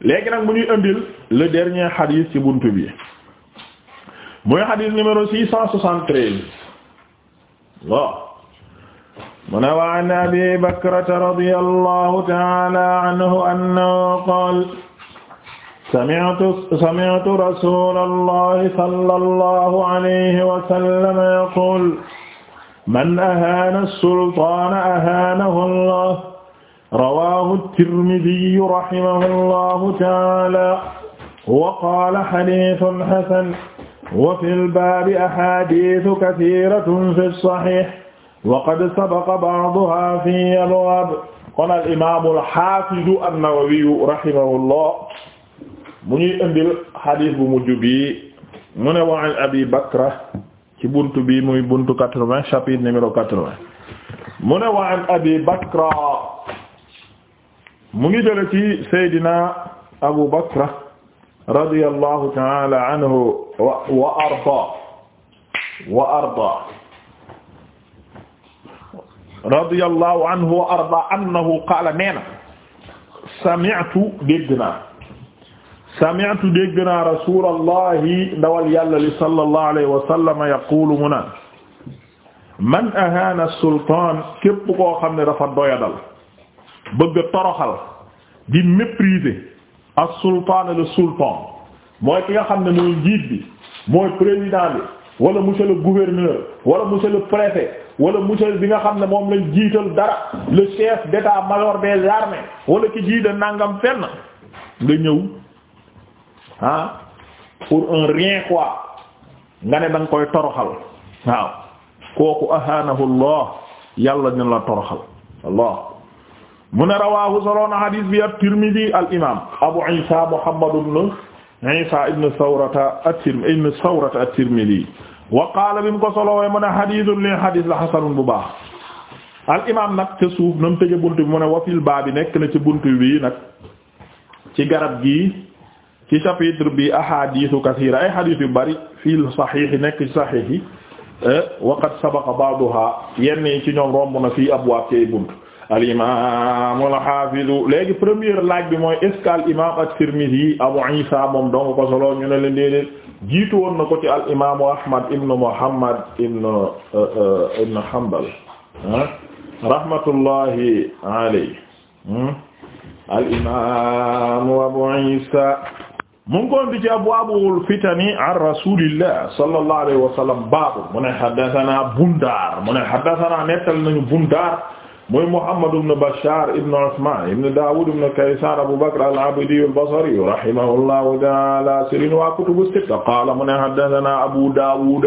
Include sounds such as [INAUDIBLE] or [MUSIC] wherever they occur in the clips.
léegi nag mu ñuy indil le dernier xadis ci buntu bi muy xadis numéro six cent soixante-treize waaw mu ne wa an abi bakrata radiyallahu ta'ala anhu annahu qaala sami'tu sami'tu rasulallahi sallallahu alayhi wa sallam yaqul man ahana as-sultana ahanahu Allah rawaahu tirmidiyu rahimahullahu taala wa qaala hadiisun hasan wa fil baabi ahaadiisu kasiiratun fi saxiix wa qad sabaqa ba'duhaa fii abwaab kon al imaamul haafidu an-nawawiyu rahimahullah mu ñuy indil hadiis bu mujj bi mu ne wa an abi bakra ci buntu bi muy buntu 80 chapitre numéro 80 mu ne wa an abi bakra mu ngi jële ci Seydina Abu Bakra radiyallahu ta'ala anhu wa wa arda wa arda radiyallahu anhu wa arda annahu qaala neena sami'tu dégg naa sami'tu dégg naa rasulallahi ndawal yàlla li sallallahu alayhi wa sallam yaqulu mu naan man ahaana sultaan képp koo xam ne dafa doyadal bëgg a toroxal di mépriser ak sultan le sultan mooy ki nga xam ne mooy njiit bi mooy président bi wala monsieur le gouverneur wala monsieur le préfet wala monsieur bi nga xam ne moom lañ jiital dara le chef d'état-major des armées wala ki jiita nangam fenn nga ñëw ah pour un rien quoi nga ne da koy toroxal waaw kooku ahaanahu Allah yàlla dina la toroxal Allah mu ne rawaahu soloon hadis bi at-Tirmidhi al imaam Abu Isa Muhammad ibn Isa ibn Sawrata at-Tirmidhi ibn Sawrata at-Tirmidhi wa qaala bi mu ko solowee mu ne hadiisun li hadis la hasanun bu baax. al imaam nag ca suuf na mu tëjee bunt bi mu ne wa fil baabi nekk na ci bunt bi nag ci garab gi ci chapitre bi ahadiisu kasiira ay hadis yu bari fil saxiix nekk ci saxiix yi eh, waqad sabaqa ba'duha yenn yi ci ñoom romb na fii abwaab ci ay bunt. al imaam al haafiz léegi première laaj bi mooy est-ce que al imaam at-Tirmidhi Abu Isa moom dong ko solo ñu ne leen déedéet jiitu woon Ahmad ibn Muhammad ibn euh, euh, ibn Hanbal rahmatullahi alayhi hmm. Abu Isa mu ngi koon di ci abwaabul fitani an rasulillah sallallahu alayhi wa sallam baabu nettal nañu Bundaar muy Muhammad ibn Bashar ibn Usman ibn Dawud ibn Kaysan Abu Bakr al-Abdi al-Basri rahimahullahu ta'ala sëriñ wa kutubu sitta qaala mu ne haddathana Abu Dawud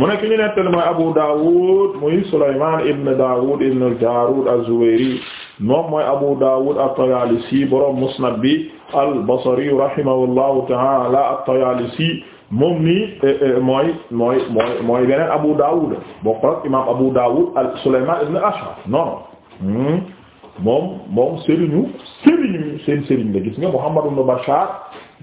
mu ne ki ñu nettali mooy Abu Dawud muy Sulayman ibn Dawud ibn al-Jarud az-Zuwayri moom mooy Abu Dawud at-Tayalisi borom Musnad bi al-Basri rahimahullahu ta'ala at-Tayalisi moom nii eh, eh, mooy mooy mooy mooy beneen Abu Dawud bokk ak imaam Abu Dawud al-Sulayman ibn Ash'ath non Hmm? moom moom sëriñu sëriñu seen sëriñ la gis nga Muhammad ibn Bashar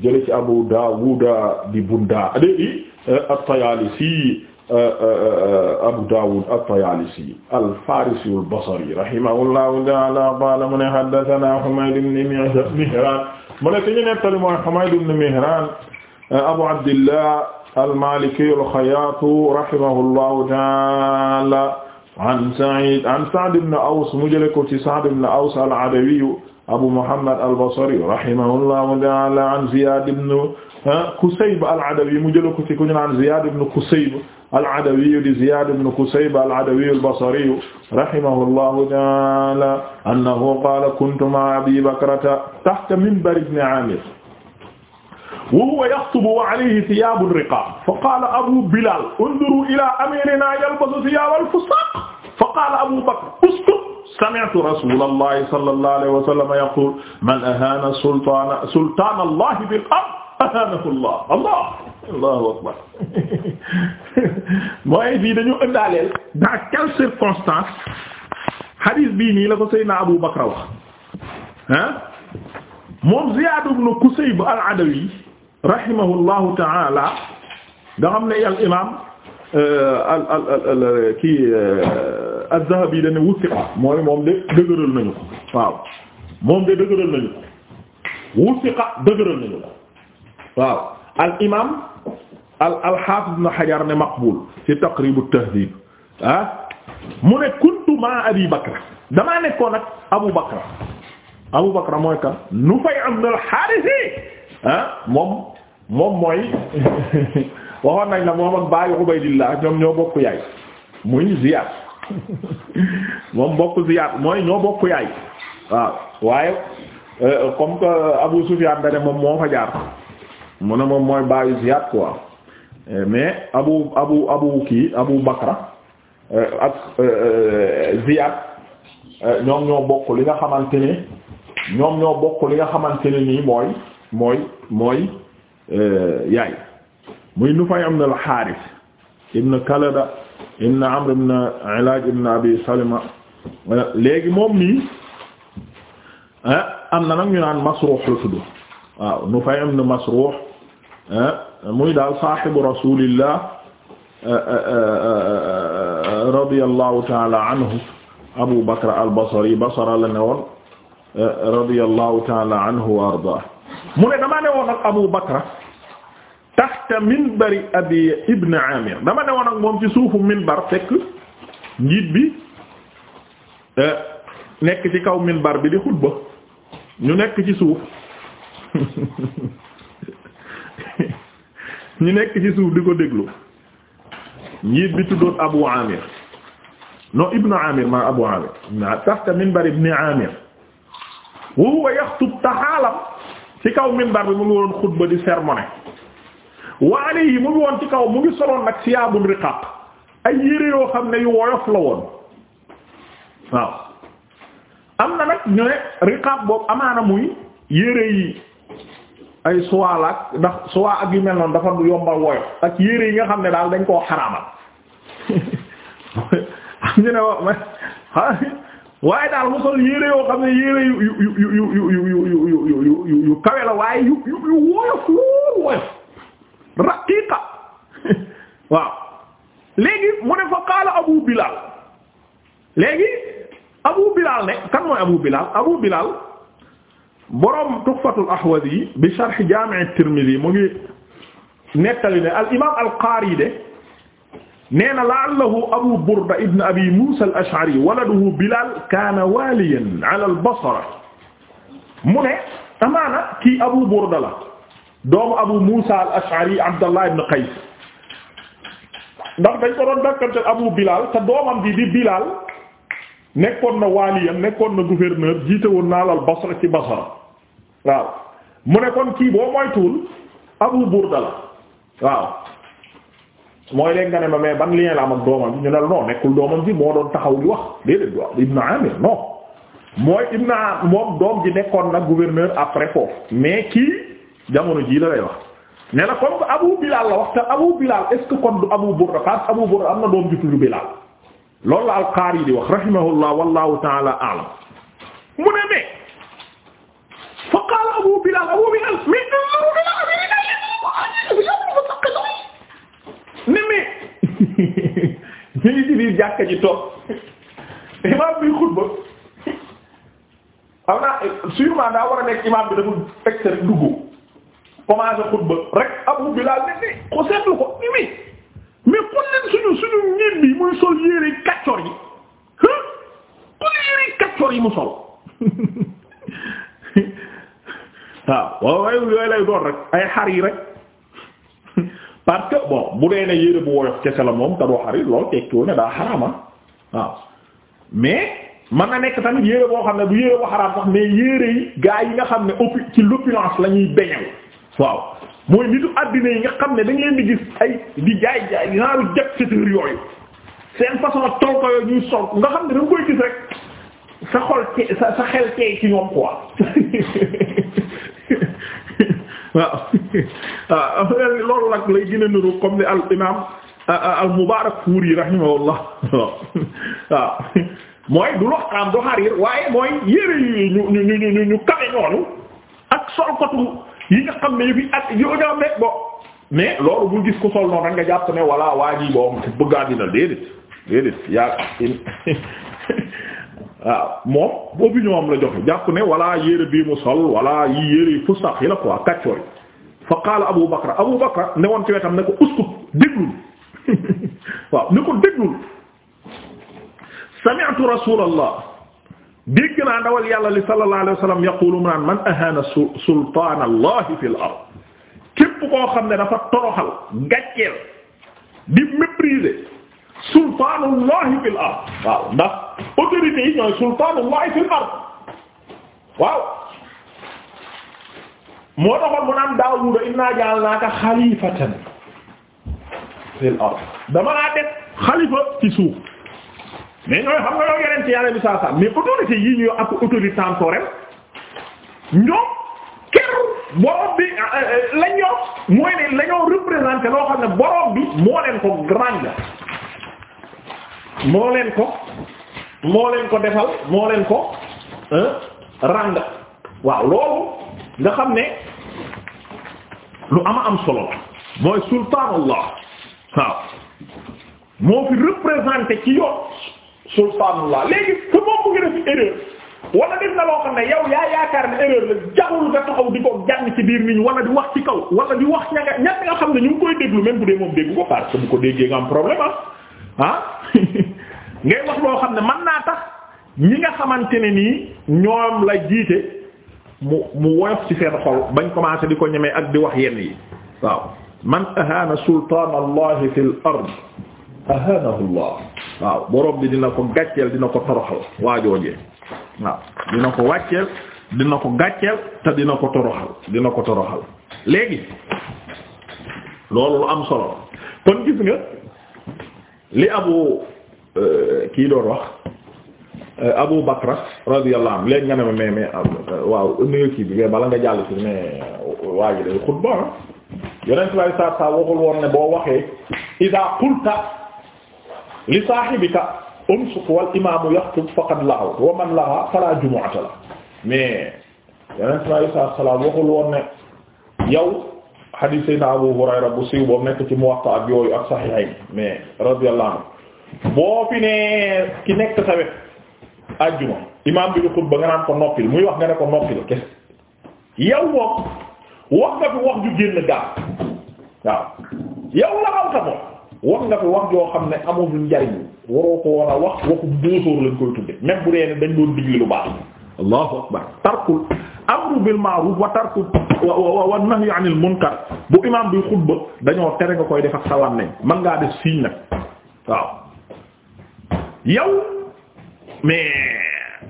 jële ci Abu Dawud di Bunda di euh, at-Tayalisi euh, euh, Abu Dawud at-Tayalisi al-Farisi al-Basri rahimahullahu ta'ala qala mu ne haddathana Humayd ibn Mihran mu ne suñu nettali mooy Humayd ibn Mihran Abu Abdillah al-Maliki al-Khayyat rahimahullahu ta'ala an Sa'id an Sa'd ibn Aws mu jële ko ci Sa'd ibn Aws al-Adawi Abu Muhammad al-Basri rahimahullahu ta'ala an Ziyad ibn Kusayb al-Adawi mu jële ko ci ku ñu naan Ziyad ibn Kusayb al-Adawi di Ziyad ibn Kusayb al-Adawi al-Basri rahimahullahu ta'ala annahu qala kuntu ma'a Abi Bakrata tahta minbar ibn Amir wa huwa yaxtubu wa alayhi thiyaabun riqaaq fa qaala Abu Bilal unzuruu ilaa amiirinaa yalbasu thiyaabal fusaaq qaala Abu Bakr ustud sami'tu rasulallahi sallallahu alayhi wa sallam yaqul man ahana sultaana sultaana Allahi bil ard ahanahu Allah Allah Allahu akbar [LAUGHS] mooy fii dañu ëndaaleel dans quelles circonstances hadis bii nii la ko Seydina Abu Bakr wax ah moom Ziyaad ibn Qusayb al-Adawi rahimahullahu ta'ala nga xam ne al imaam euh, al al al euh, kii. Euh, az-Zahabi dana wusiqa mooy moom de dëgëral nañu ko waaw moom de dëgëral nañu ko wusiqa dëgëral nañu ko waaw al imaam al al haafiz ibn Hajar ne maqbul ci Taqrib at-Tahdhib ah mu ne kuntu ma Abi Bakr damaa nekkoon ak Abu Bakr Abu Bakr mooy kan Nufay ibn al-Harith ah moom moom mooy [LAUGHS] waxoon nañ la moom ak baayu Ubaydillah ñoom ñoo bokk yaay muy Ziyad [LAUGHS] moom bokk ziyaat mooy ñoo bokk yaay waaw waaye euh, comme que Abu Sufyan da ne moom moo fa jaar mu ne moom mooy baayu ziyaat quoi euh, mais Abu Abu Abu kii Abu Bakra euh, ak ziyaat ñoom ñoo bokk li nga xamante ne ñoom ñoo bokk li nga xamante ne nii mooy mooy mooy yaay muy Nufay ibn al-Harith ibn Kalada ibn Amr ibn Ilaaj ibn Abi Salima léegi moom mii ah, am na nag ñu naan Masruux la tudd waaw Nufay ibn Masruux ah, muy daal saahibu Rasuulillah ah, radiyallahu ta'ala anhu Abu Bakr al-Basri Basra la ne woon radiyallahu ta'ala anhu wa ardaa mu ne damaa ne woon ak Abu Bakr taxta minbari abi ibn amir dama newoon ak moom ci suufu minbar fekk njiit bi euh, nekk ci kaw minbar bi di xutba ñu nekk ci suuf [LAUGHS] ñu nekk ci suuf di ko déglu njiit bi tuddoon abu amir non ibnu amir ma abu amir taxta minbari ibn amir huwa yaxtub taxaalam ci kaw minbar bi mu ngi woon xutba di sermoné waale yi mu ngi woon ci kaw mu ngi soloon nag siyaabun riqaaq ay yére yoo xam ne yu woyof la woon waaw am na nag ñu ne riqaaq boobu amaana muy yére yi ay suwaal ak ndax suwaa ak yu mel noonu dafa yombal woyof ak yére yi nga xam ne daal dañ koo xaraamal waaye daal mu sol yére yoo xam ne yére yu yu yu yu yu yu yu yu kawe la waaye yu yu woyof lool woyof raqiqa [LAUGHS] waaw léegi mu ne fa qaala Abu Bilal léegi Abu Bilal ne kan mooy Abu Bilal Abu Bilal borom Tuhfatul Ahwazi bi sharh Jaami' at-Tirmidhi mu ngi nettali ne al imaam al-Qaari de nee na la'allahu Abu Burda ibn Abi Muusa al-Ash'ari waladuhu Bilal kaana waaliyan ala al-Basra mu ne amaana kii Abu Burda la. doomu abu musa al ashari abdallah ibn qays ndax dañ ko doon dàkkantal abu bilal te doomam bi di bilal nekkoon na waaliyam nekkoon na gouverneur jiite woon naa lal basra ci basra waaw mu ne kon kii boo moytuwul abu burda la waaw mooy léegi nga ne ma mais ban lien la am ak doomam bi ñu ne la non nekkul doomam bi moo doon taxaw di wax déedéet waaw ibn amir non mooy ibn moom doom ji nekkoon na gouverneur après foofu mais kii jamono jii la lay wax ne la comme Abu Bilal la wax Abu Bilal est kon Abu Burda parce Abu Burda am na doom ju tuddu lool loolu la al-Qari di wax rahimahullah wallahu ta'ala a'lam mu ne mais fa qala Abu Bilal Abu Bilal mais ne mais ñu ngi ci biir jàkka ji toog imam bi xutba am naa sûrement daa war a nekk imam bi dafa teg sa dugg commencé xutba rek Abu Bilal ne ni eh, ko seetlu ko ni mais xol leen suñu suñu ñin bi muy sol yére kaccor yi xol yére kaccor yi mu sol [LAUGHS] waaw waaw yooyu lay doon rek ay xar yi rek [LAUGHS] parce que bon bu dee ne yére bu woyof kese la moom te doo xar yi lool tekkiwu ne daa xaraama ah, waaw mais man na nekk tamit yére boo xam ne du yére boo xaraam sax mais yére yi gaa yi nga xam ne ëpp ci l'opulence la ñuy beñew waaw mooy nitu àddina yi nga xam ne dañ leen di gis ay di jaay jaay naaru jag seteur yooyu seen façon tolko yooyu sol nga xam ne da nga koy ci ñoom [LAUGHS] ah, lay gën a comme ni al imam ah, ah, al Mubarak Furi rahimahullah [LAUGHS] waaw yi nga xam ne yu fi at yoo nga ne bon mais loolu bul gis ko sol noonu nga jàpp ne voilà waa ji boo a dina déedéet déedéet yaa [LAUGHS] waaw moom opinion am la joxe jàpp ne voilà yére bii mu sol voilà yi yére yi fustax yi la quoi kàccoo yi fa qaala Abu Bakra Abu Bakra ne woon ci wetam ne ko uskut déglul [LAUGHS] waaw ne ko déglul sami'tu rasulallah dégg naa ndawal yàlla li sallallahu alayhi wa sallam yaqulu mu naan man ahana sultaan allah fil ard képp koo xam ne dafa toroxal gàcceel di mépriser sultaanullah fil ard waaw ndax autorités yi ñooy sultaanullah fil ard waaw moo taxoon mu naan Daawuda inna ja'alnaaka xalifatan fil ard dama laa def xalifa ci suuf mais ñooy xam nga ñoo yeneen ci yàlla bi saa saa mais autorité yi ñu ak autorité temporelle ñoom kër borom bi euh, euh, lañ mooy ne lañoo représenté loo xam ne borom bi moo leen ko grand moo leen ko moo leen ko defal moo leen ko euh, ràng waaw loolu nga xam ne lu ama am solo mooy sultaanullah waaw moo fi représenté ci yoon subhaanallah léegi que moom mu ngi def erreur wala def na loo xam ne yow yaa yaakaar ne erreur la jaxul nga taxaw di ko jàng ci biir nit ñi wala di wax ci kaw wala di wax ña nga nga xam ne ñu koy déglu même bu dee moom dégg ko parce que bu ko déggee am problème ah, [LAUGHS] ah? [LAUGHS] ngay wax loo xam ne mën naa tax ñi nga xamante ne nii ñoom la jiite mu mu woyof ci seen xol bañ commencé di ko ñemee ak di wax yenn yi waaw man ahaana sultaan fi fil ard ahanahu Allah waaw borom bi dina ko gàcceel dina ko toroxal waajoojee waaw dina ko wàcceel dina ko gàcceel te dina ko toroxal dina ko toroxal léegi loolu lu am solo kon gis nga li abu euh, kii doon wax euh, Abu Bakra radiyallahu anhu léegi nga ne ma mais mais euh, waaw nuyu kii bi mais bala nga jàll ci mais waa ji day xutba ah. yonent bi sallallahu alayhi waxul woon ne boo waxee idaa qulta li saahibika umsuk wal imaamu yaxtub faqad laxaw wa man laxaa falaa jumu'ata mais yeneen sallallahu alayhi wasallam waxul yow hadith sayna Abu Hurayra bu siiw boobu nekk ci Muwatta ak yooyu ak saxiixayn mais radiyallahu anhu boo fi bi di muy wax nga ne ko noppil yow moom wax nga fi yow la xam sa moom wax nga fi wax joo xam ne amul njariñ waroo ko war a wax waxu dóosóor lañ koy tudde même bu dee ne dañ doon digle lu baax allahu akbar tarkul amru bil ma'ruf wa tarku wa nahyi 'anil munkar bu imam bi xutba dañoo tere nga koy def ak salam nañ mën ngaa def siiñ nag waaw yow mais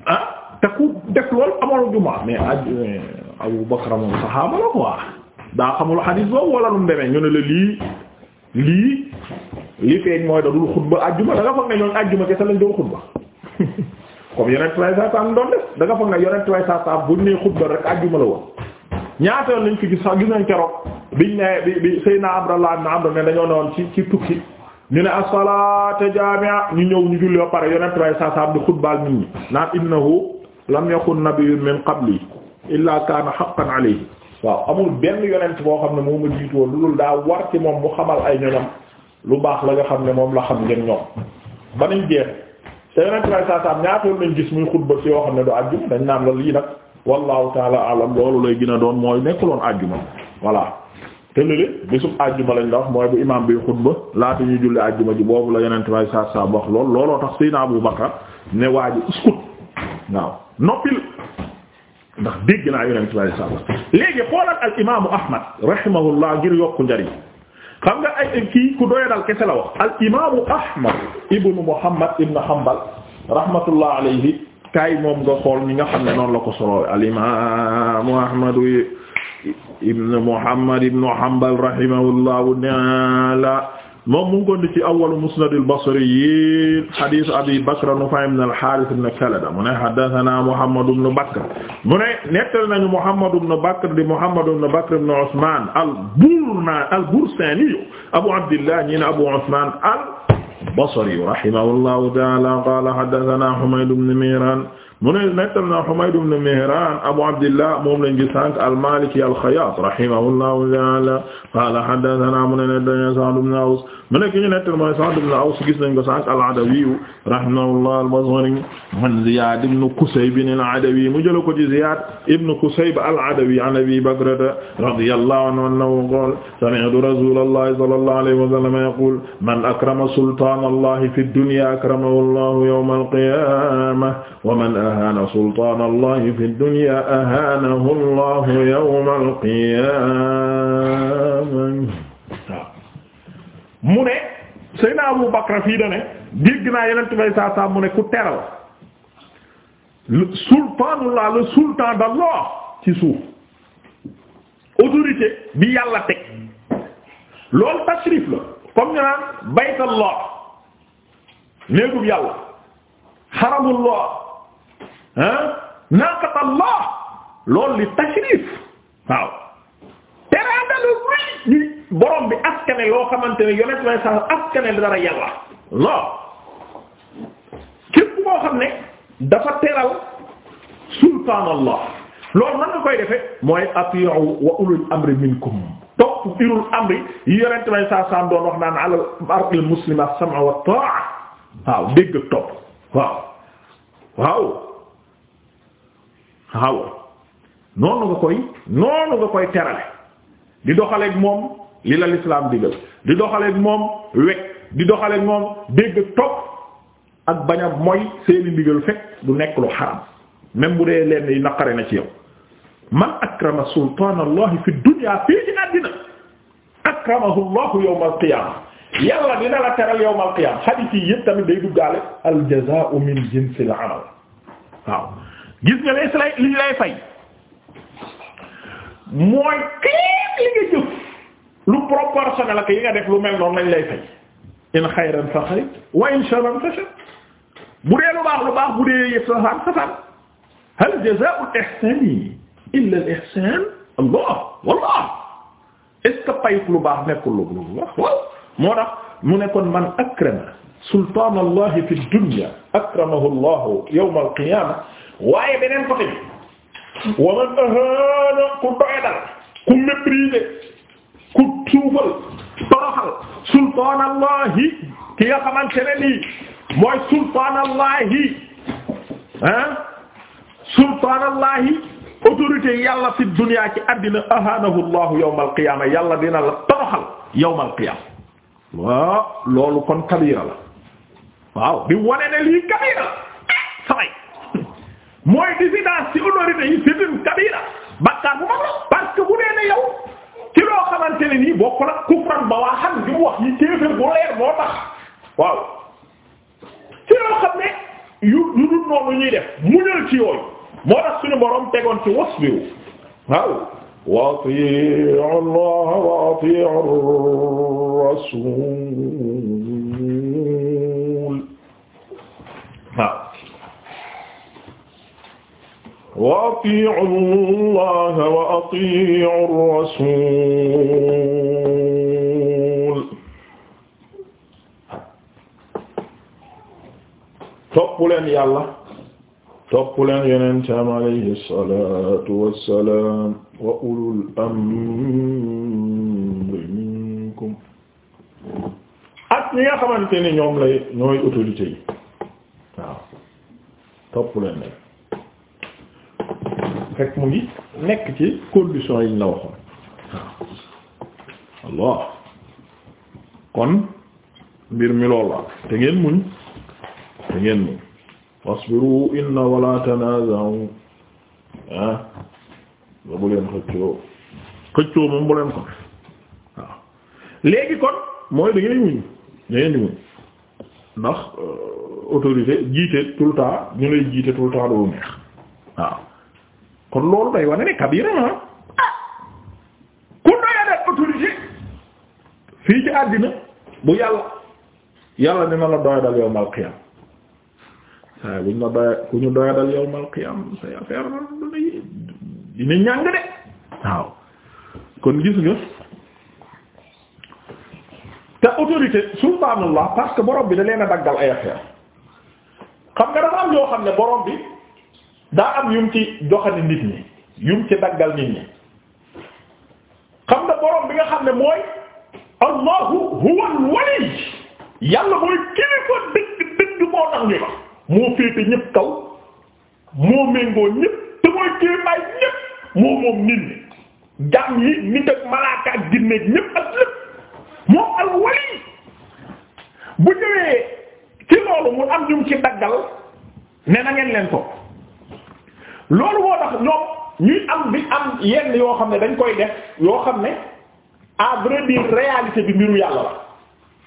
ah te ku def loolu amalo jumaa mais aj ah, Abu Bakr moom saxaaba la quoi daa xamul xadiis boobu wala lu mu demee ñu ne la lii lii li feeñ mooy da dul xutba àjjuma da nga foog ne ñoom àjjuma kese lañ doon xutba [LAUGHS] comme yonent way saa saam doon nee xutba rek àjjuma la woon ñaata yoon lañ fi gis sax gis nañ keroog biñ ne bi bi Seydina Abdallah ibn Amr ne dañoo ne woon ci tukki ñu ne as-salaatu jaami'a ñu ñëw ñu julli ba pare yonent way saa saam di xutbaal nit ñi naan innahu lam yakun nabiyyun min qabli illa kaana haqqan alayhi waaw amul benn yonent boo xam ne moo ma jiitoo lu dul daa war ci moom bu xamal ay ñoñam lu baax la nga xam ne moom la xam ngeen ñoom ba nañ jeex te yonent may saasaam ñaatoon nañ gis muy xutba ci yoo xam ne du àjjuma dañ naan la lii nag wallahu taala alam lay gën a doon mooy nekkuloon àjjuma voilà te lële bésub àjjuma lañ la wax mooy bu imaam bi xutba laata ñuy julli àjjuma ji boobu la yonent may saasaam wax lool looloo tax Seydina Abu Bakar ne waa uskut waaw noppil ndax dégg naa yonent bi sallallahu alayhi wasallam léegi xoolal al imaamu Ahmad rahimahullah ngir yokku njariñ xam nga ay kii ku doyadal kese la wax. Ahmad ibnu Muhammad ibnu Hanbal rahmatullah alayhi kaay ñi nga xam ne noonu la ko solo al moom mu ngi ko ndi ci awwalu musnad al-basri hadith abi bakr nufay ibn al-harith ibn kalada mu ne haddathana muhammad ibn bakr mu ne nettali nañu muhammad ibn bakr di muhammad ibn bakr ibn usman al-burna al-bursani abu abdillah ñi ne abu usman al-basri rahimahullahu ta'ala qala haddathana humayd ibn mihran mu ne nettal na Humayd ibn Mihran Abu Abdillah moom lañ gis sànq al-Maliki al-Khayyat rahimahullahu ta'ala qala haddathana mu ne nettana Sa'd ibn Aws mu ne ki ñu nettal mooy Sa'd ibn Aws gis nañ ko sànq al-Adawi rahimahullah al-Basri an Ziyad ibn Kusayb al-Adawi mu jël ko ci Ziyad ibn Kusayb al-Adawi an Abi Bakr radiyallahu anhu annahu qala sami'tu Rasulullah sallallahu alayhi wa sallam yaqul man akrama sultana Allah fi ad-dunya akramahu Allah yawm al-qiyamah wa man ahana sultaan allahi fi dunya ahanahu allahu yawma alqiyama mu ne mu ne ku teral sultaanullah le sultan d'Allah ci suuf autorité bi yàlla teg loolu tashrif la comme ñu naan baytallah néegub yàlla xaramullah naqat allah loolu li tashrif waaw teraanga lu rëy ñu bi askane loo xamante ne yonent lay sax askane dara yàlla lool képp koo xam ne dafa teral sultaanallah loolu nan nga koy defee mooy atiyu wa ulul amri minkum topp ulul amri yi yonent lay sax saam doon wax naan alal mar'il muslima as-sam'u wat-ta'a waaw dégg topp waaw waaw waaw noonu nga koy noonu nga koy terale di doxaleeg moom li la lislaam digal di doxaleeg moom wekk di doxaleeg moom dégg topp ak bañ a mooy seeni ndigal fekk du nekk lu xaram même bu dee leen yi naqare na ci yow man akrama sultaanallahi fi dunya fii ci àddina akramahu llahu yawmal qiyaama yàlla dina la teral yawmal qiyaama xadiis yi yëpp tamit day duggaale al jazaa'u min jinsil amal waaw gis nga les lay li lay fay mooy képp li nga jëf lu proportionnel ak yi nga def lu mel noonu lañ lay fay in xayran fa xayr wa in sharran fa shar bu dee lu baax lu baax bu dee yëf safaan safaan hal jazaa'u al-ihsaani illa al-ihsaan allah wallah est-ce que payuk lu baax nekkul lu lu wax waaw moo tax mu ne kon man akrama sultaan allah fi dunya akramahu allah yawm al-qiyaamah waaye beneen côté bi wa man ahaana ku doyadal ku mépriser ku suufal toroxal sultaanallahi ki nga xamante ne nii mooy ah, fi dunya ci àddina ahaanahu llahu yawmal qiyaama yàlla dina la toroxal yawmal qiyaama waaw loolu kon kabira la waaw di ne lii kabira mooy dissidence ci autorité yi c'est une kabira bakkaar bu mag la parce que bu dee ne yow ci loo xamante ne nii la kufran ba waa xam wax yi kéefër bu leer moo tax waaw ci loo xam ne yu yu dul noonu ñuy def muñal ci yooyu moo tax suñu borom tegoon ci wasbiru waaw wa atii'u Allah wa atii'u Rasul wa atii'u llaha wa atii'u rasuul topp leen yàlla topp leen yonentam alayhi salaatu wa salaam wa minkum ak ñi nga xamante ni ñoom lay fekk mu ngi nekk ci condition yi la waxoon waaw Allah kon mbir mi lool la te ngeen muñ te ngeen muñ wasbiru inna wala tanaza'u ah ba bu leen xëccoo xëccoo moom bu leen ko waaw léegi kon mooy da muñ da di muñ ndax euh, autorité jiite tout le temps ñu lay jiite tout le temps neex waaw kon loolu day wane ne kabira na ah ku doya def fii ci àddina bu yàlla yàlla dina la doya dal yawmal qiyam saa yi bu ñu la doya ku ñu doya dal yawmal qiyam say affaire du dina ñàng de waaw kon gis nga te autorité subhaanallah parce que borom bi da leen a daggal ay affaire xam nga yoo xam ne borom bi daa am yum ci joxani nit ñi yum ci daggal nit ñi xam na borom bi nga xam ne mooy allahu huwal wali yàlla mooy kilifa dëgg dëgg moo tax ñu la moo féete ñépp kaw moo méngoo ñépp te mooy kilifaay ñépp moo moom nit ñi jàmm yi nit ak malaaka ak ñépp ak lépp moom al bu ñëwee ci loolu mu am yum ci daggal ne na ngeen leen ko loolu moo tax ñoom ñuy am bi am yenn yoo xam ne dañ koy def yoo xam ne à vrai dire réalité bi mbiru yàlla la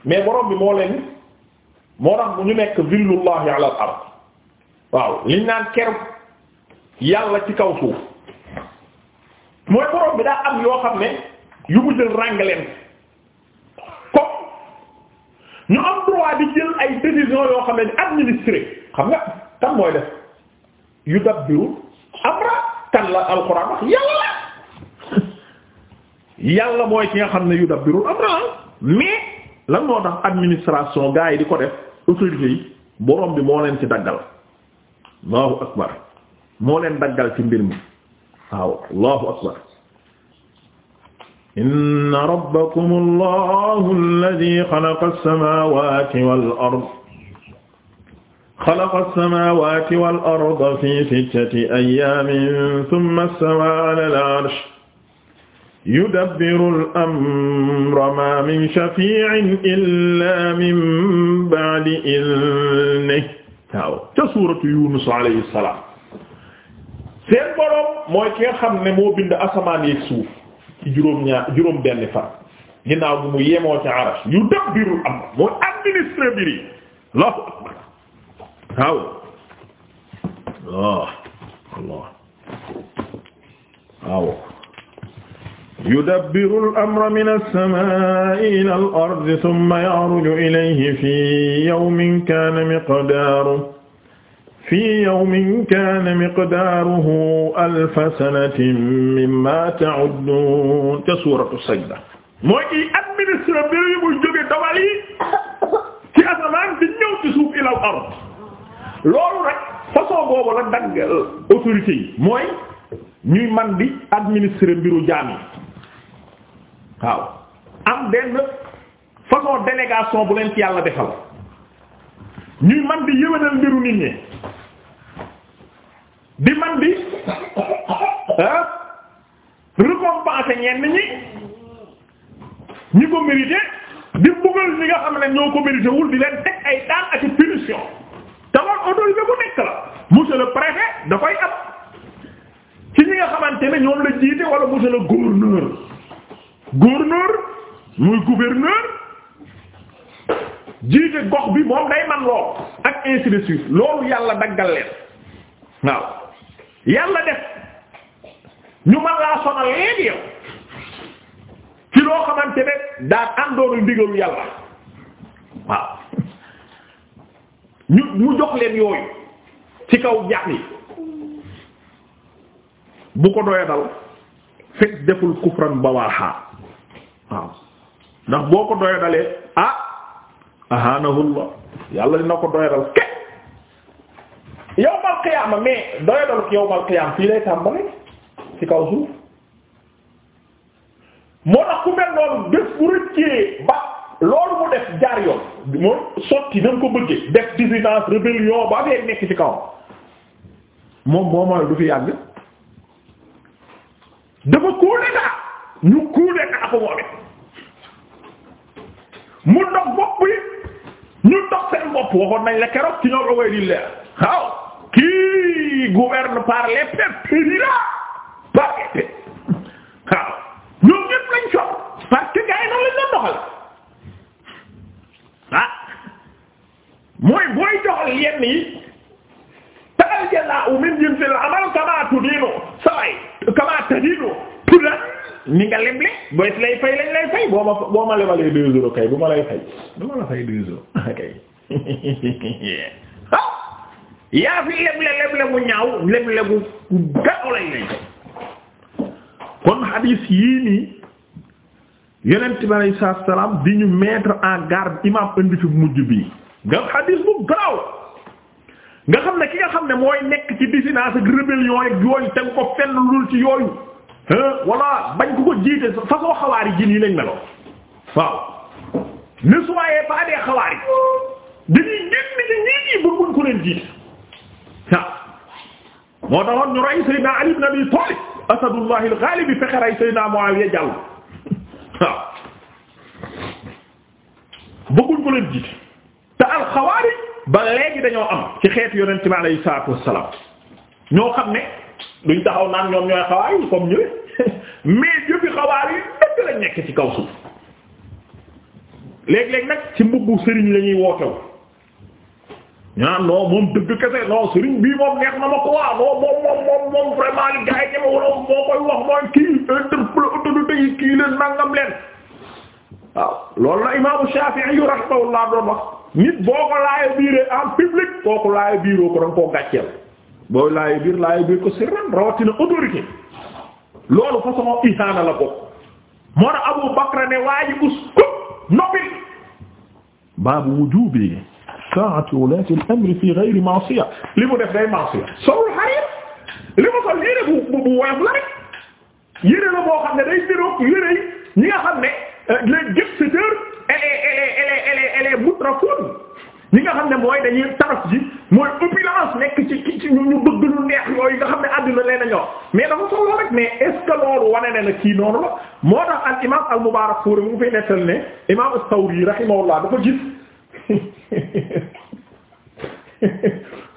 mais boroom bi moo leen moo tax mu ñu nekk villullahi ala al ard waaw liñ naan ker yàlla ci kaw suuf mooy borom bi daal am yoo xam ne yu mu jël ràng leen comme ñu am droit di jël ay décisions yoo xam ne di administrer xam nga tam mooy def yudabbiru kan la alxuraan wax yàlla la yàlla mooy ki nga xam ne yu dabbirul amra mais lan moo tax administration gars yi di ko def autorité yi borom bi moo leen ci daggal allahu akbar moo leen daggal ci mbir mi waaw allahu akbar inna rabbakum allahu alladhi khalaqa as-samawati wal ard xalaqa as-samaawaati wal arda fii sittati ayyaamin summa stawaa alal arsh yudabbiru al-amra maa min shafii'in illaa min ba'di idnihi. waaw ca suuratu Yuunus alayhi salaam. seen borom mooy ki nga xam ne moo bind asamaan yeeg suuf ci juróom-ñaar juróom-benn fan ginnaaw bi mu yemoo ca arsh yudabbiru al-amra mooy administrer bi waaw ah, Allah Allah waaw yudabbiru al-amra mina as-samaa'i ila al-ardi thumma ya'ruju ilayhi fi yawmin kaana miqdaaruhu fi yawmin kaana miqdaaruhu alfa sanatin mimmaa ta'udduun ca suuratu sajda mooy kii administre bi mu jóge dogal yi ci asamaan di ñëw ci suuf ilal ard loolu rek façon boobu la dagg autorité yi mooy ñuy man di administrer mbiru jaam yi waaw am benn façon délégation bu leen ci yàlla defal ñuy man di yëwénal mbiru nit ñi di man di ah récompenser ñi ñi ko mérité di buggal ñi nga xam ne ñoo ko di leen teg ay daan ak punition te loolu autorité bu nekk la monsieur le préfet da koy am ci ñi nga xamante ne ñoom la jiite wala monsieur le gouverneur gouverneur muy gouverneur jiite gox bi moom day man lool ak ainsi de suite loolu yàlla daggal leen waaw yàlla def ñu man laa sonal leen yow ci loo xamante ne daan àndoonu ndigalu yàlla waaw ñu mu jox leen yooyu ci kaw jax yi bu ko doya dal fekk deful kufran bawaaxa waaw ndax boo ko doya dalee ah ahanahullah yàlla dina ko doya dal ke yawmal qiyaama mais doya dal yawmal qiyaama fii lay tàmbali ci kaw suuf moo tax ku mel noonu bés bu rëccee ba loolu mu def jaar yoon moom sotti na ko bëggee def dissidence rébellion ba amee nekk ci kaw moom moo mooy du fi yàgg dafa coup nañ la keroog ci ñoom la koy di leer kii gouverne par l'épée pédira par l'épée waaw ñoom ñëpp lañ soog parce que noonu lañ doon doxal ah mooy booy jox yenn yi taal jazaa min jinsil amal kamaa tudinu saway kamaa tudinu tudan ni nga leble booy lay fay lañ lay fay boo ma boo ma lebalee deux euros kay bu ma lay fay du ma la fay deux euros [LAUGHS] kay [LAUGHS] ah yaa fi leble leble bu fay kon hadis yii yonent bi alayhi salaam di ñu mettre en garde imam indi fi mujj bi nga xadiis bu garaaw nga xam ne ki nga xam ne mooy nekk ci dissidence ak rébellion ak yooyu te nga ko fenn lul ci yooyu walla bañ ku ko jiite façon xawaari jin yi lañ meloo waaw ne soyez pas des xawaari dañuy génn ci nit ñi bu mun ko leen jiite moo taxoon ñu rey Seydina Ali ibn Abi Talib asadullahi al-ghalib fexe rey Seydina Muawiya jàll waaw bëgguñ ko leen jiite te alxawaarij ba léegi dañoo am ci xeetu yonent bi alayhi salaatu wassalaam ñoo xam ne duñ taxaw naan ñoom ñooy xawaarij comme ñu [LAUGHS] mais jëfi xawaarij dëgg lañ nekk ci kaw suuf léegi léeg nag ci mbubbu sëriñ la ñuy wootewu ñu naan moom dëgg kese non sëriñ bii moom neex na ma ko moom moom moom moom vraiment li gars yi ñeme wala moo koy wax mooy kii interpellé yi kii leen nangam leen waaw loolu la imaamu Shafi'i yu rahimahullah doon wax nit boo ko laaya biiree en public boo ko laaya biiroo ko danga koo gàcceel boo laaya biir laaya biir ko sirran rawatina autorité loolu façon ihaana la ko moo Abu Bakr ne waaji us ko baabu wujubi ta'atu ulati al fi ghayri ma'siya li mu def day ma'siya solul xarir li ma bu bu bu woyof la rek yére la boo xam ne day jëloog yére yi ñi nga xam ne euh, les gestionnaires et les et les et les nga xam ne mooy dañuy taraf ji mooy opulence nekk ci ci ñu bëgg lu neex yooyu nga ne àdduna leen a ñor mais dafa soxla rek na ne kii noonu moo tax al imam al Mubarak Foure mu fi nettal ne imam as-Sawri rahimahullah dafa gis.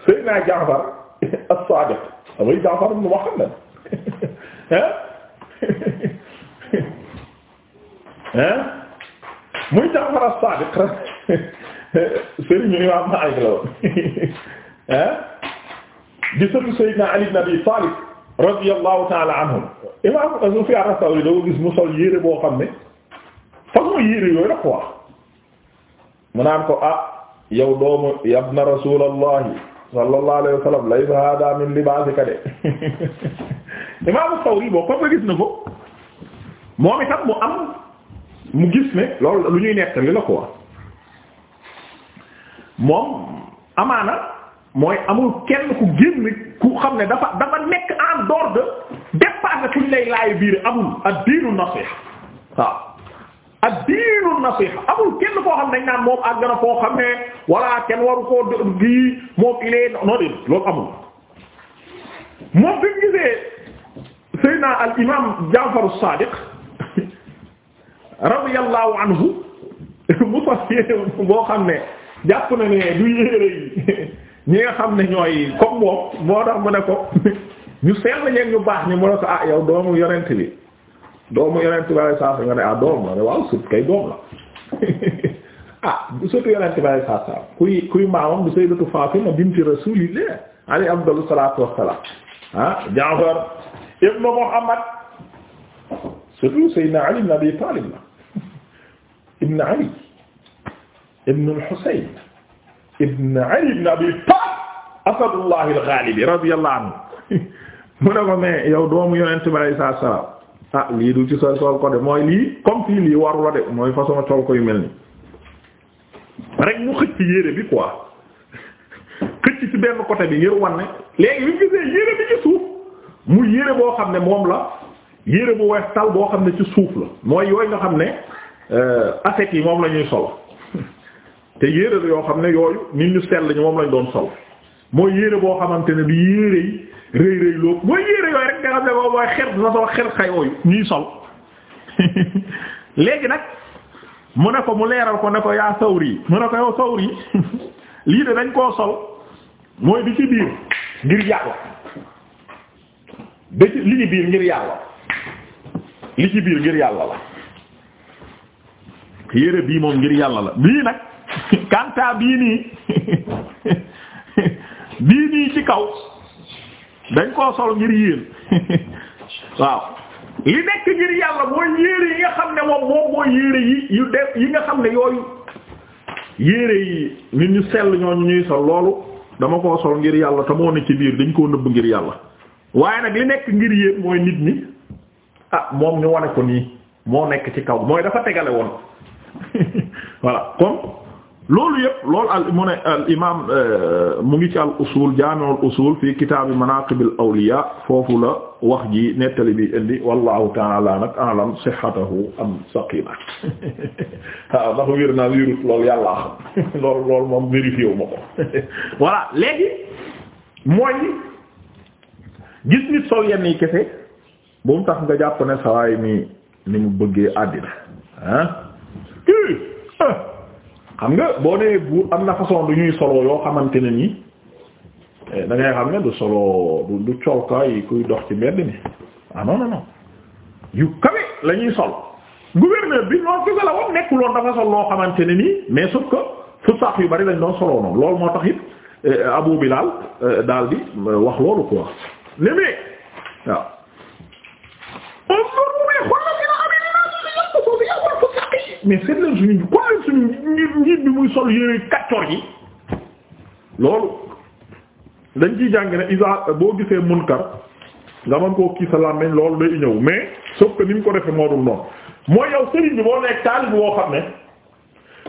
Seydina [LAUGHS] Jaafar as-Saadiq damay Jaafar ibn Muhammad ah [LAUGHS] ah [LAUGHS] muy Jaafar as-Saadiq Serigne Imam Maalik la woon ah di sëtu Seydina Ali ibn Abi Taalib radiyallahu ta'ala anhum Imam Sufyaan as-Sawri dafa gis mu sol yére boo xam ne façon yére yooyu la quoi. mu naan ko ah yow doomu yabna rasulallahi sallallahu alayhi wa sallam laysa min libasika de [LAUGHS] imaamu Sawri boo ko gis na ko moom itam mu am mu gis ne loolu lu ñuy nettali la quoi moom amaana mooy amul kenn ku génn ku xam ne dafa dafa nekk en dehors de dépassé kuñ lay laay biir amul ad-diinu nasiha waaw ad-diinu nasiha amul kenn koo xam ne dañ moom àgg na koo xam ne walla kenn waru koo di moom ilee noo de loolu amul moom bi mu gisee Seydina al imaam Jaafar as-Saadiq anhu mu fa yére boo xam ne jàpp na ne du yére yi ñi nga xam ne ñooy comme moom moo tax mu ne ko ñu sell ñeen ñu baax ñi mu ne ko ah yow doomu yonent bi doomu yonent bi alayhi salaam nga ne ah doom la ne waaw sut kay doom la [LAUGHS] ah bu sëtu yonent bi alayhi salaam kuy kuy maamam bu sayyidatu Fatima binti Rasulillah alayhi afdalu salaatu wassalaam ah Jaafar ibnu Muhammad surtout Seydina Ali ibn Abi Talib la [LAUGHS] ibn Ali ibn al-Husayn ibn Ali ibn Abi Talib asadullah al-Ghalibi radiyallahu anhu [LAUGHS] mu ne ko mais yow doomu yonent bi alayhi salaam ah lii du ci sa sol ko de mooy lii comme fii lii waru de mooy façon sol ko yu mel ni rek mu xëcc yére bi quoi [LAUGHS] xëcc ci benn côté bi ngir wan ne léegi bi gisee yére bi ci suuf mu yére boo xam ne moom la yére bu weex tal boo xam ne ci suuf la mooy yooyu nga xam ne euh, aset yi moom la ñuy sol [LAUGHS] te yére yoo xam ne yooyu nit ñu sell ñu moom lañ doon sol mooy yére boo xamante ne bi yére yi rëy rëy loo mooy yére yooyu rek nga xam ne moom mooy xer façon xer xayooyu ñuy sol léegi nag mu ne ko mu leeral ko ne ko yaa Sawri mu ne ko yow Sawri lii de dañ koo sol mooy di ci biir ngir yàlla da ci li ci biir ngir yàlla li ci biir ngir yàlla la yére bii moom ngir yàlla la bii nag [LAUGHS] kanta bii nii [LAUGHS] bii nii ci kaw dañ koo sol ngir yéen [LAUGHS] waaw li nekk ngir yàlla mooy yére yi nga xam ne moom moom mooy yére yi yu def yi nga xam ne yooyu yére yi nit ñu sell ñooñu ñuy sol loolu dama koo sol ngir yàlla te moo ne ci biir dañ koo nëbb ngir yàlla waaye nag li nekk ngir yéen mooy nit ñi ah moom ñu wane ko nii moo nekk ci kaw mooy dafa tegale woon [LAUGHS] voilà comme loolu yëpp loolu al mu ne al imaam euh, mu ngi ci al usul jaami'ul usul fi kitaabi manaaqibil awliyaa foofu la wax ji nettali bi indi wallahu ta'ala nag a'lam sihhatahu am saqima [LAUGHS] waaw ndax wér naa wérut loolu yàllaa xam [LAUGHS] loolu loolu moom vérifié ko [LAUGHS] voilà léegi mooy gis nit sol yenn kese bu tax nga jàpp ne sawaay ni ni mu bëggee àddina ah xam nga boo nee buur am na façon du ñuy solo yoo xamante ne nii eh, da ngay xam ne du solo du du colkaay kuy dox ci mbedd mi ah non non yu kawe la ñuy sol gouverneur bi noonu kese dafa sol loo xamante ne nii mais sauf que fu sax yu bari lañ doon soloo noonu loolu moo tax it eh, Abu Bilal eh, daal wax loolu quoi. ne mais waaw. mais seet leen suñu kon leen suñu njiit njiit bi muy sol yooyu kaccoor yi loolu dañ ciy jàng ne isa boo gisee munkar nga man koo kii sa làmmiñ loolu day ñëw mais sauf que ni mu ko defee moo dul noonu mooy yow sëriñ bi boo nekk taalib woo xam ne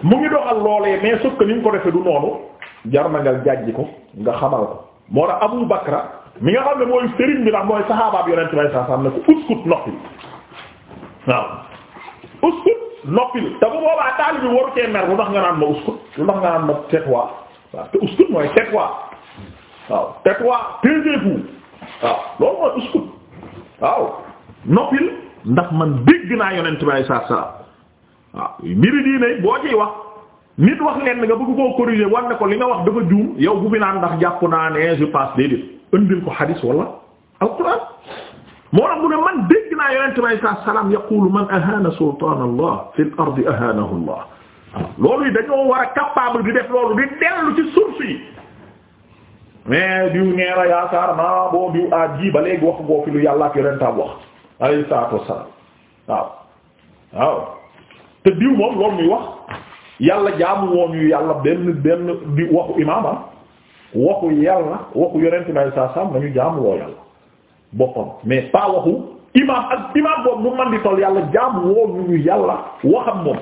mu ngi doxal loolee mais sauf que ni mu ko defee du noonu jar na nga jàjji ko nga xamal ko moo tax Abu Bakra mi nga xam ne mooy sëriñ bi ndax mooy saxaabaab yonent bay saa saa ne ko uskut noppi waaw uskut noppil te bu boobaa taali bi waru cee mer lu tax nga naan ma uskut lu tax nga naan ma tais-toi waaw te uskut mooy waaw tais-toi taisez-vous waaw loolu mooy uskut waaw noppil ndax man dégg naa yonent bi saa saa waaw mbiri diine boo ciy wax nit wax lenn nga bëgg koo corriger war ne ko li nga wax dafa juum yow bu fi naan ndax jàpp naa ne je passe déedéet indil ko hadis wala alquran moo tax mu ne man naa yonente bi saa salaam yaqulu man ahaana sultaan allah fil ardi ahaanahu allah loolu yi dañoo war a capable di def loolu di dellu ci source mais diw neera yaakaar naa boo diw aaj ji ba léegi wax goo fi lu yàlla ak yonentam wax alayhi salaatu waaw waaw te diw moom loolu muy wax yàlla jaamu woon yu yàlla benn benn di waxu imaama ah, waxu yàlla waxu yonente bi salaam nañu jaamu woo yàlla boppam mais pas waxu imaam ak imaam boobu man di toll yàlla jaam woo ñu yàlla waxam moom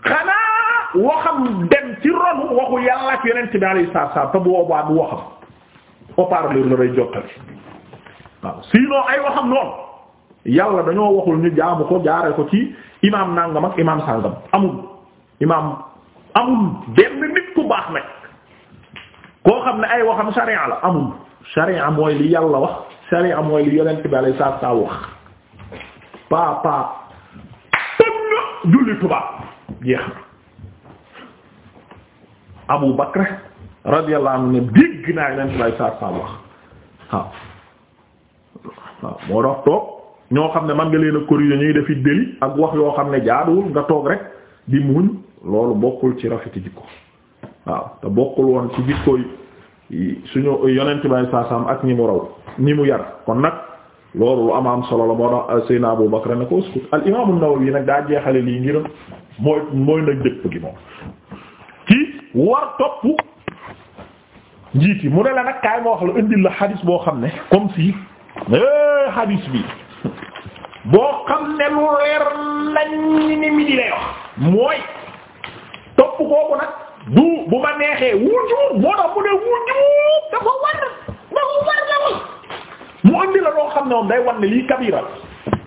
xanaa waxam dem ci ronu waxu yàlla ak yeneen bi alayhi salaatu salaam te bu waxam haut la day jottali waaw sinon ay waxam noonu yàlla dañoo waxul ñu jaamu ko jaaree ko ci imaam nangam ak imaam sangam amul imaam amul benn nit ku baax nag koo xam ne ay waxam sharia amul sharia mooy li yàlla wax. sariya mooy li yonent bi alayhi salaatu salaam wax paa paa tëb na julli tubaab jeex na Abu Bakr radiyallahu anhu ne dégg naa yonent bi alayhi salaatu wax moo tax toog ñoo xam ne man nga leen a corriger ñuy defi déli ak wax yoo xam ne jaaduwul nga toog rek di muñ loolu bokkul ci rafeti jikko waaw te bokkul woon ci jikko yi suñu yonent bay saasaam ak ñi mu raw ñi mu yar kon nag loolu lu ama am solo la moo tax Seydina Abu Bakr ne ko uskut al imaamu Nawawi nag daa jeexale lii ngir mooy mooy nag dëpp gi moom kii war topp njiit yi mu ne la nag kaay ma wax la indil la xadis boo xam ne comme si eh, xadis bi boo xam ne lu leer nañ ni mi di lay wax mooy topp kooku nag du bu ma neexee wujub moo tax mu ne wujub dafa la mu andi la loo xam ne moom day wan ne lii kabira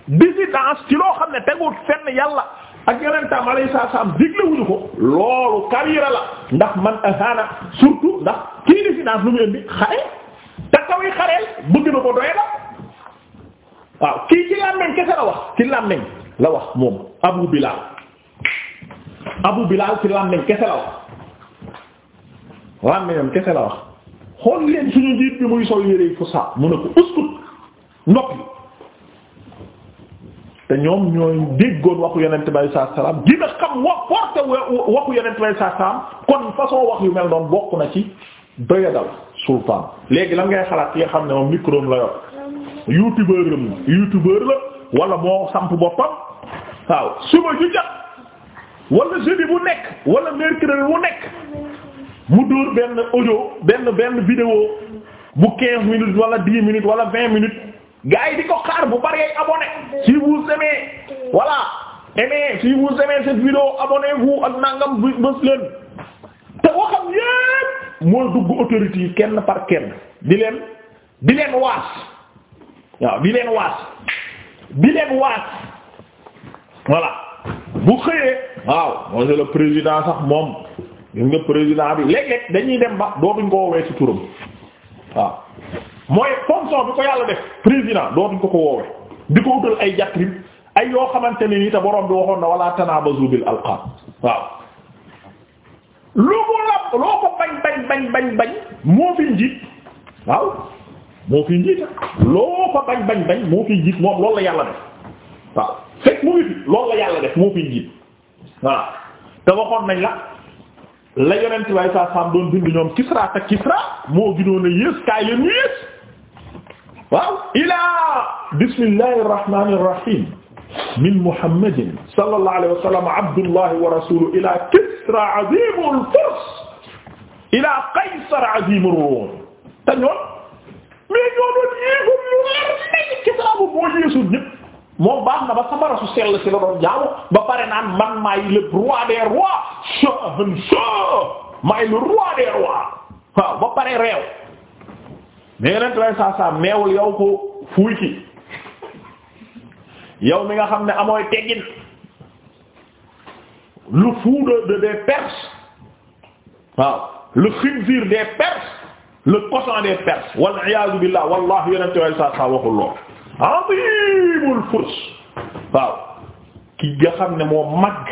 dissidence ci loo xam ne teguut fenn yàlla ak yonentam alayhi salaam diglewuñu ko loolu kabira la ndax man ahaana surtout ndax kii dissidence lu mu indi xare te kaw yi xareel bëgg na ko doy la waaw kii ci làmmeñ kese la wax ci làmmeñ la wax moom Abu Bilal Abu Bilal ci làmmeñ kese la wax làmmiñam kese la wax xool leen suñu njiit bi muy sol yére fu saa mu ne ko uskut noppi te ñoom ñooy déggoon waxu yonent bay saa salaam dina xam wa porté waxu yonent bay saa salaam kon façon wax yu mel noonu bokk na ci doyadal sultaan léegi lan ngay xalaat yi xam ne moom micro la yor youtubeur la moom wala moo samp boppam waaw suba ju jot wala jeudi bu nekk wala mercredi bu nekk. mu dóor benn audio benn benn vidéo bu 15 minutes wala 10 minutes wala 20 minutes gars di ko xaar bu bari ay abonné si vous aimez voilà aimez si vous aimez cette vidéo abonnez ak nangam bu bës leen te waxam yépp moo dugg autorité yi kenn par kenn di leen di leen waas waaw di leen waas di leen waas voilà bu xëyee waaw monsieur le président sax moom gis nga président bi dañuy dem ba dootuñ ko woowee ci turam waaw mooy fonction bi ko yàlla def président dootuñ ko ko woowee di ko utal ay jatrib ay yoo xamante ne nii te borom bi waxoon na wala tanabazu bil alqab waaw lu mu la loo ko bañ bañ bañ bañ bañ moo fi njiit loolu la yàlla def waaw fekk mu ngi loolu la yàlla def moo fi njiit waaw te waxoon nañ la la yonent way sa sam doon bind ñoom Kisra Kisra moo gënoon a yées kaay leen ñu yées ilaa bismillahi irrahmani irrahim min muhammadin ila Kisra azimul furs ila qaysar azimur rum te ñoon mais ñoo doon bu moo yéesul ñëpp moom baax na ba samara su sell si la doon jaamu ba pare naan man maay le roi shahanshah maay le roi des rois waaw ba pare réew mais nag lay saa saa meewul yow ko fuuy ci yow mi nga xam ne amooy teggin le fou de des Perses waaw le xinziir des Perses le cochon des Perses wal iyaazu billah wallahi yonente way saa saa waxul lool azimul furs waaw ki nga xam ne moo mag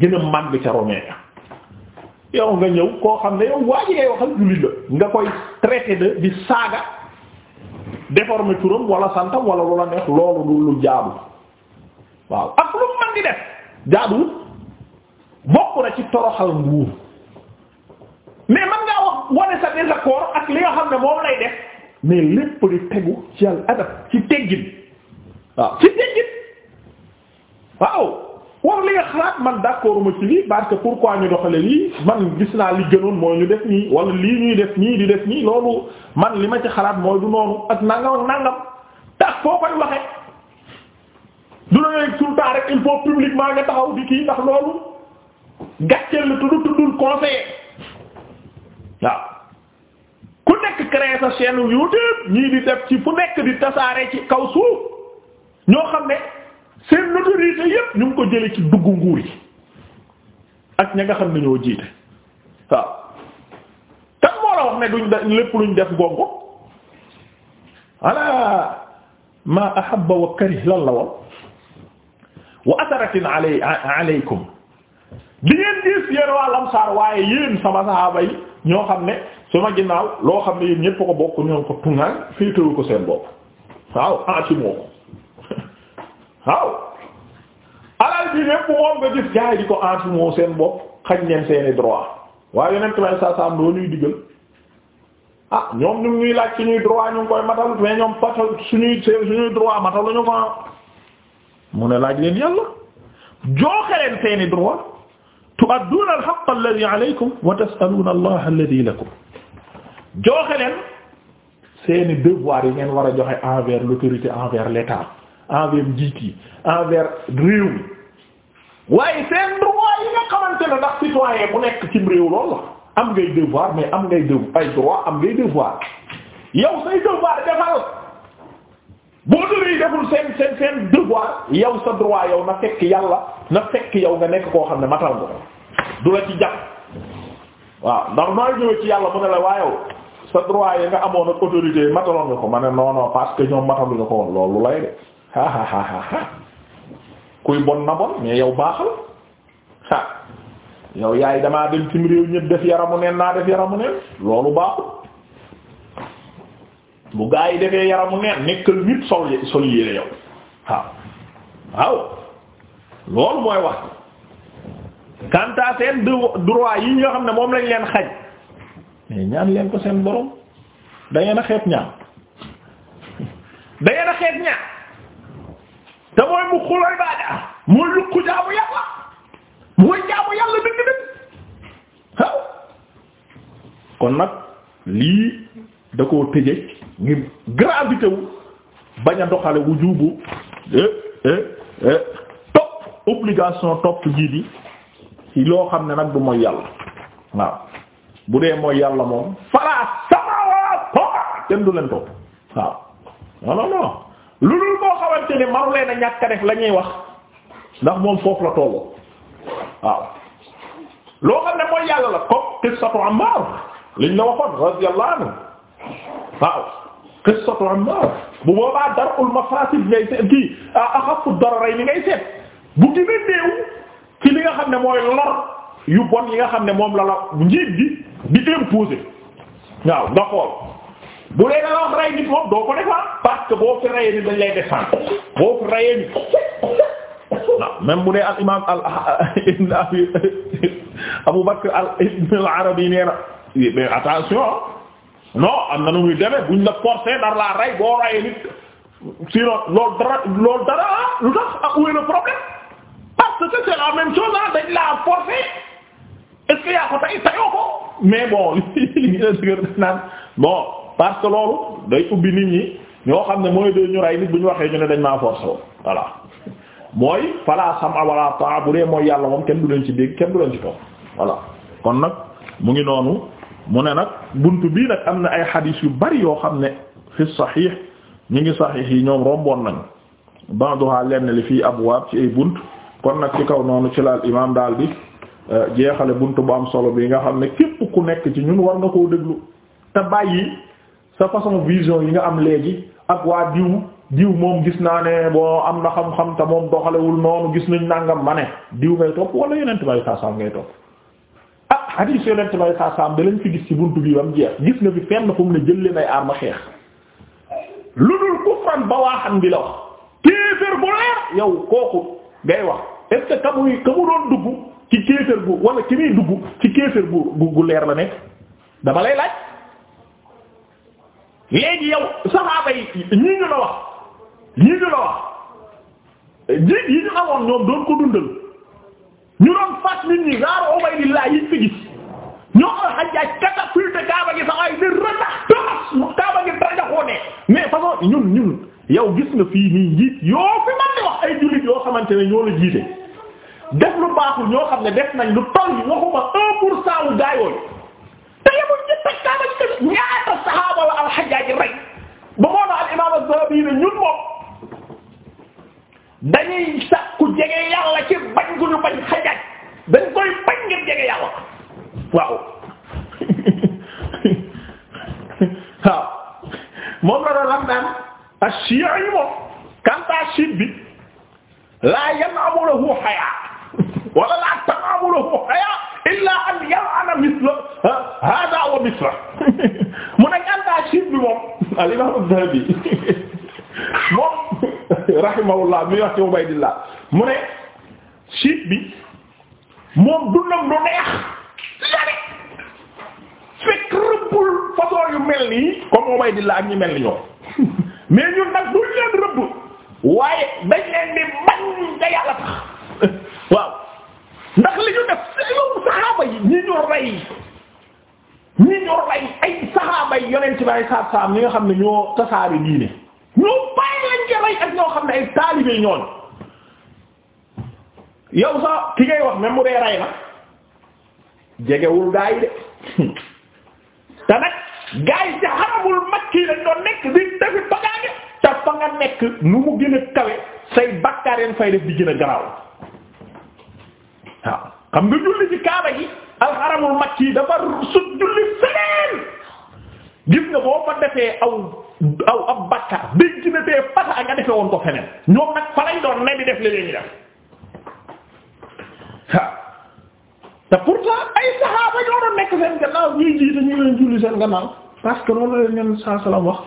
gën a màgg ca romain yow nga ñëw koo xam ne yow waa ji ngay waxal jullit la nga koy traité de di saaga déformé turam walla santam wala lu la loolu du lu jaadu waaw ak lu man di def jaadu bokk na ci toroxal nguur mais man ngaa wax wane sa désaccord ak li nga xam ne moom lay def mais lépp di tegu ci al ci teggin waaw ci teggin waaw wax li nga xalaat man d'accord ma ci lii parce que pourquoi ñu doxale lii man gis naa li gënoon mooy ñu def nii wala lii ñuy def nii di def nii loolu man li ma ci xalaat mooy du noonu ak nangam ak nangam tax foo koy waxe du la nekk tout le il faut publiquement nga taxaw di kii ndax loolu gàcceel la tudd tuddul conseiller waaw ku nekk créer sa chaîne YouTube ñii di def ci fu nekk di tasaare ci kaw suuf ñoo xam ne. seen notoriété yépp ñu ko jële ci dugg nguur yi ak ña nga xam ne ñoo jiite waaw kan moo la wax ne duñ def lépp luñ def gongo ala ma ahabba wa karih lan la woon wa asaratin alay alaykum di ngeen gis yéen waa lamsaar waaye yéen sama sahaaba yi ñoo xam ne sama ginnaaw loo xam ne yéen ñépp ko bokk ñoo ko tuŋaan féetewu ko seen bopp waaw ansi moo ko waaw alal ji lépp moom nga gis jaay di ko anti moo seen bopp xaj leen seeni droit waaye yonent may saa saam loo ñuy digal ah ñoom ñu ngi ñuy laaj suñuy droit ñu koy matal mais ñoom patal suñuy suñuy droit matal ñu ko mu ne laaj leen yàlla jooxe leen seeni droit tu'adduuna al-haqqa alladhi alaykum wa tas'aluuna allaha alladhi lakum jooxe leen seeni devoir yi ngeen war a joxe envers l'autorité envers l'État envers njiit yi réew mi waaye seen droit yi nga xamante ne ndax citoyen bu nekk ci réew loolu la am ngay devoir mais am ngay devoir ay droit am ngay devoir yow say devoir defal boo dëgëy deful seen seen seen devoir yow sa droit yow na fekk yàlla na fekk yow nga nekk koo xam ne matal nga du la ci jàpp waaw ndax nooy ñëwee ci yàlla mu ne la waayow sa droit yi nga amoon ak autorité mataloon nga ko ma ne non non parce que ñoom mataluñu ko woon loolu lay de kuy bon na bon mais yow baaxal ah yow yaay damaa dem cim réew ñëpp def yaramu neen naa def yaramu neen loolu baaxul bu gaa yi defee yaramu neen nekkal nit sol sol yére yow waaw waaw loolu mooy wax kanta seen droit yi nga xam ne moom lañ leen xaj mais ñaan leen ko seen borom da ngeen a xeet ñaan [LAUGHS] da a xeet ñaan te mooy mu xulay baada mooy lukku jaamu yàlla mooy jaamu yàlla dëgg dëgg kon nag lii da koo tëje ngir gravité bañ a doxale wujubu eh, eh, eh, topp obligation topp njiit yi loo xam ne nag du mooy yàlla waaw bu dee mooy yàlla moom fala samawa to kenn du leen topp waaw non non non lu dul boo xamante ne manu leen a ñàkk a def la ñuy wax ndax moom foofu la tolloo waaw loo xam ne mooy yàlla la comme qissatu Ammar liñ la waxoon radiyallahu anhu waaw qissatu Ammar bu boobaa darul mafasid ngay seet kii axafu dararay ni ngay seet bu gën a néew ci li nga xam ne mooy lor yu bon nga xam ne moom la la njiit gi di imposer waaw nga xool bu dee la wax rey nit moom doo ko def ah. que boo fi rayee ni dañ lay descendre boo fi rayee ni bu dee al imaam al ibn Abu Bakr al ibn al Arabi nee na mais attention non am na nu muy demee buñ la forcer dar la ray boo rayee nit sinon loolu dara loolu dara lu tax ak ah, où est ah, que yaa ko tay ko mais bon li [LAUGHS] ñu naan bon parce loolu day ubbi nit ñi. ñoo xam ne mooy de ñu rey nit bu ñu waxee ñu ne dañ maa force woon mooy fala xam wala taa bu dee mooy yàlla moom kenn du leen ci dégg kenn du leen ci toog voilà kon nag mu ngi noonu mu ne nag bunt bii nag am na ay xadiis yu bari yoo xam ne fi saxiix ñu ngi saxiix yi ñoom romboon nañu ba'daha lenn li fii abwaab ci ay bunt kon nag ci kaw noonu ci laal imaam daal bi euh, jeexale bunt bu am solo bi nga xam ne képp ku nekk ci ñun war na koo déglu te bàyyi yi nga am léegi ak waa diw diw moom gis naa ne bon am na xam-xam te moom doxalewul noonu gis nañ nangam ma ne diw ngay topp wala yonent bay saasaam ngay topp ah hadith yonent bay saasaam da lañ fi gis ci buntu bi bam jeex gis nga fi fenn fu mu ne jël leen ay arma xeex lu dul kufran ba waaxan bi la wax kéefër bu leer yow kooku ngay wax est ce que ka muy ka mu doon dugg ci kéefër bu wala ki muy dugg ci kéefër bu bu leer la nekk dama lay laaj léegi yow saxaaba yi ñii ñu la wax ñii ñu wax jiit yi ñu amoon ñoom doon ko dundal ñu doon fas nit ñi gaaru Ubaydillah yi fi gis ñoo al Hajjaj catapulte Kaaba gi sax ay di rëndax tëmas Kaaba gi rajaxoo ne mais façon ñun ñun yow gis nga fii nii njiit yoo fi man di wax ay jullit yoo xamante ne ñoo la jiite def lu baaxul ñoo xam ne def nañ lu toll yi waxuma un pour cent wu te yemuñ ci toj kaaba gi tamit ñaata saxaaba la al-Hajjaaj rey ba moo na al imaam az-Zahabi ne ñun moom dañuy sakku jege yàlla ci bañ gu ñu bañ Hajjaaj dañ koy bañ ngir jege yàlla waaw [LAUGHS] waaw moom la doon am naan as-Shii'a yi moom kanta shiit bi laa yan'amu lahu hayaa wala laa tan'amu lahu hayaa illaa an yal'ana misla hada wa misla mu ne àndaa siif bi moom al imam Zahabi moom rahimahullah mi wax ci Ubaydillah mu ne siif bi moom dundam du neex lare fekk rëbbul façon yu mel nii comme Ubaydillah ak ñu mel ni ñoom mais ñun nag duñ leen rëbb waaye dañ leen di bañ da yàlla tax waaw ndax li ñu def saxaaba yi ñi ñu rey ñi ñu rey ay saxaaba yi yonent bi ay saab saab ñi nga xam ne ñoo tasaare diine ñoo bàyyi lañ ci rey ak ñoo xam ne ay taalibe ñooñ yow sa ki ngay wax même mu dee rey na jegewul gaa yi de [LAUGHS] te nag gaa yi ci xaramul makki lañ doon nekk di defi bagaage te fa nga nekk nu mu gën a kawe say bakkaareen fay def di gën a garaaw waaw xam nga julli ci kaaba gi alxaramul makki dafa sut julli feneen gis nga boo fa defee aw aw ab bakka dégg na tee pasa nga defee woon ko feneen ñoom nag fa lañ doon ne bi def li leen ñu def waaw te ay saxaaba ñoo doon nekk seen gannaaw ñuy jiite ñu leen julli seen gannaaw parce que loolu leen ñoom saa salaam wax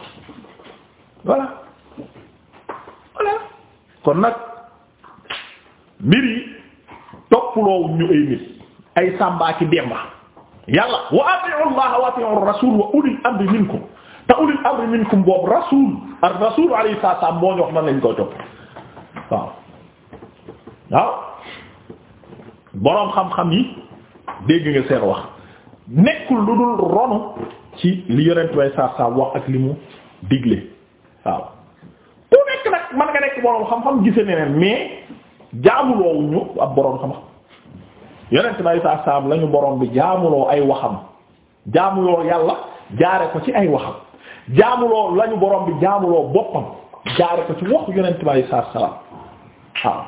voilà voilà kon nag mbir yi toppaloo ñu ay nit ay Samba ki Demba yàlla wa ati'u Allah wa ati'u rasul wa ulil amri minkum te ulil amri minkum boobu rasul ar rasul alayhi salaam moo ñu wax nan lañ koy topp waaw waaw boroom xam-xam yi dégg nga seen wax nekkul lu dul ronu ci li yonent way saa saa wax ak li mu digle waaw ku nekk nag man nga nekk boroom xam-xam gise neneen mais jaamuloowu ñu ab boroom xam-xam yonent bi saa saam la ñu borom bi jaamuloo ay waxam jaamuloo yàlla jaare ko ci ay waxam jaamuloo lañu ñu borom bi jaamuloo boppam jaare ko ci wax yonent bi saa saam waaw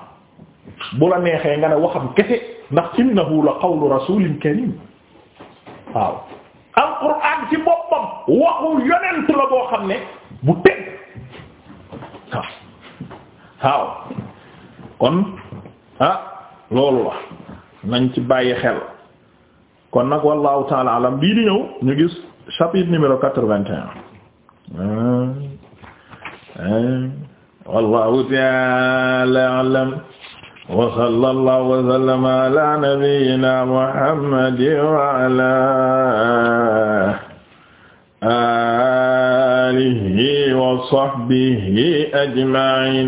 bu la neexee nga ne waxam kese ndax innahu la qawlu rasulin karim waaw alquran ci boppam waxu yonent la boo xam ne bu teg waaw waaw kon ah loolu la nañ ci bàyyi xel kon nag wallahu taala alam bii di ñëw ñu gis chapitre numéro quatre-vingt-un wallahu taala alam wa sallallahu wa sallama ala nabiyyina muhammadin wa ala alihi wa sahbihi ajma'in